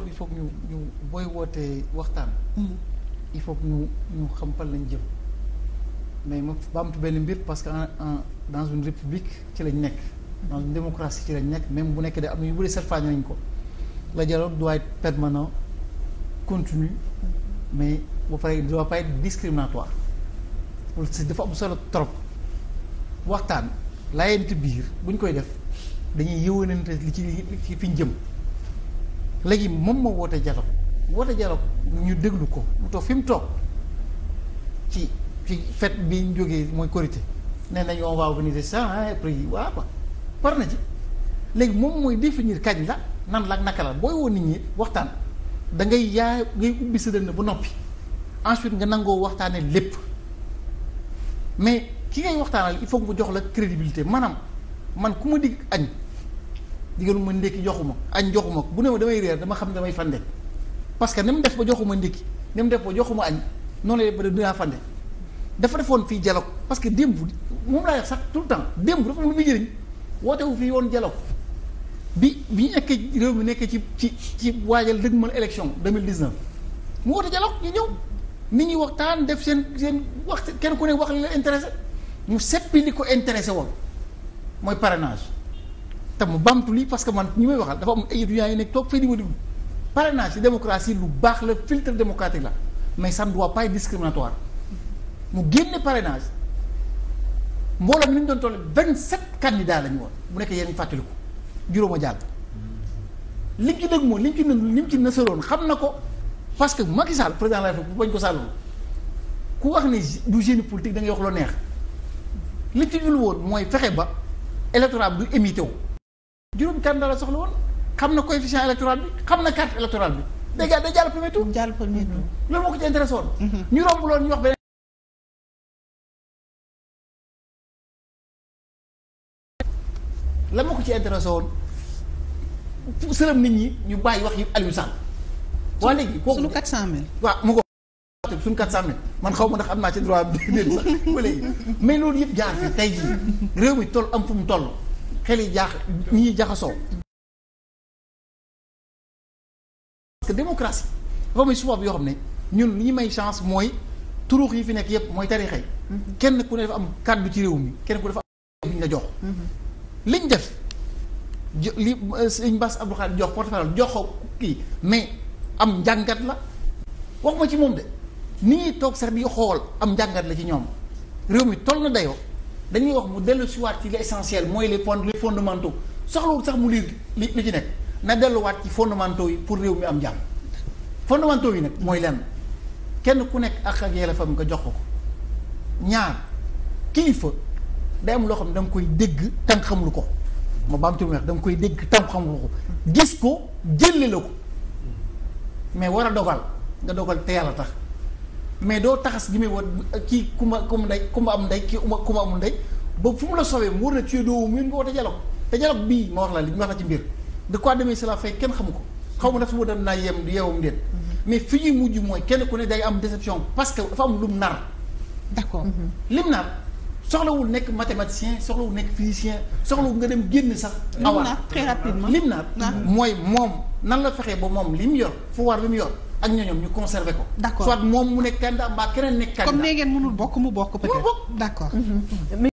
d'abord il faut ñu ñu booy wootee waxtaan hmm. il faut ñu ñu xam fan lañ jëm mais ma baamtu benn mbir parce que en en dans une république ci lañ nekk dans une démocratie ci lañ nekk même bu nekkee de am na yu bëri salfaañ nañ ko la dialogue doit être permanent continu mais ba pare il doit pas être dafa am solo trop waxtaan laayent biir bu koy def dañuy yëwanante li ci fi ñu jëm léegi moom moo woote dialogue woote dialogue ñu déglu ko mu toog fi mu toog ci ci fête bi ñu jógee mooy Korité nee nañu on va organiser ça après waa quoi par na ci léegi moom mooy définir kañ la nan la ak naka la booy woo nit ñi waxtaan da ngay yaa ngay ubbi sa dënn ba noppi ensuite nga nangoo waxtaanee lépp mais ki ngay waxtaanal il faut que mu jox la crédibilité maanaam man ku ma dig añ. jigéenu ma ndékki joxu ma añ joxu ma bu ne ma damay reer dama xam ne damay fande parce que ni def ba joxu ma ndékki ni mu def ba joxuma añ noonu la ba dinaa fande dafa defoon fii dialogue parce que démb moom laa wax sax tout le temps démb dafa lu muy jëriñ woote wu fii woon dialogue bi bi ñu nekkee réew mi nekkee ci ci ci waajal dëgg mën élection 2019 mu woote dialogue ñu ñëw nit ñi waxtaan def seen seen wax kenn ku ne wax li la mu ñu seppi li ko intéressé woon mooy parrainage te mu bamtu lii parce que man ñi may waxal dafa am ay étudiants yi nekk toog fii di ma déglu parrainage ci démocratie lu baax la filtre démocratique la mais ça ne doit pas être discriminatoire mu génne parrainage mbooloo mi ñu doon toll vingt sept candidats la ñu woon bu nekk yéen ñu fàttaliku juróoma jàll. liñ ci dëgg moom liñ ci dëgg liñ ci nasaroon xam na ko parce que Macky Sall président de la République bu bañ ko sàlloon ku wax ne du génie politique da ngay wax loo neex li ci mooy fexe ba électorat du émité wu. juróomi candidat la soxla woon xam na coefficient électoral bi xam na carte électorale bi. day jàll day jàll premier jàll premier tour loolu moo ci intéressé woon. Mhm. ñu romb loolu ñu wax beneen. ma ko ci intéressé woon sërëm nit ñi ñu bàyyi wax yëpp Aliou waa léegi kooku suñu 400000. waaw mu ko waxee suñu 400000 man xaw ma ndax am na ci droit bi déedéet sax loolu yëpp jaar fi tey jii réew mi toll am fu mu toll. xel yi jaxasoo. parce que démocratie dafa muy suba yoo xam ne ñun li ñu may chance mooy turuux yi fi nekk yépp mooy tarixa kenn ku ne dafa am kàddu ci réew mi kenn ku dafa am li jox. liñ def li euh, sëñ Bass Abdou Khadre jox porte mais am njàngat la wax ma ci moom de ni ñuy toog sax bi xool am njàngat la ci ñoom réew mi toll na dayoo. dañuy wax mu dellu siwaat ci l'essentiel mooy les points les fondamentaux soxlawul sax mu lii li li ci nekk na delluwaat ci fondamentaux yi pour réew mi am jàmm fondamentaux yi nag mooy lenn kenn ku nekk ak ak yelleefam nga jox ko ñaar kilifa day am loo xam ne da koy dégg tam xamul ko ma baam tur da nga koy dégg tam xamul ko gis ko jëlle la ko mais war a dogal nga dogal te yàlla tax mais doo taxas gi muy woon kii kumba kumba ndey kumba am ndey kii kumba amul ndey ba fu mu la soobee mu war na ci doowu mun nga woote dialogue te dialogue li ñu wax la ci mbir de quoi demee si kenn xamu ko xaw ma ndax su ma dem naa yem du yeewam mhm. mais fi ñuy mujj mooy kenn ku ne day am déception parce que dafa am lum nar d'accord mhm. lim nar soxlawul nekk mathématicien soxlawul nekk physicien soxlawul nga dem génn sax awal lim nar mooy moom nan la fexee ba moom li mu yor fu war bi mu yor ak ñoñom ñu conserver ko. d' accord soit moom mu nekk candidat mbaa keneen nekk candidat. comme nee mënul bokk mu bokk peut-être. mu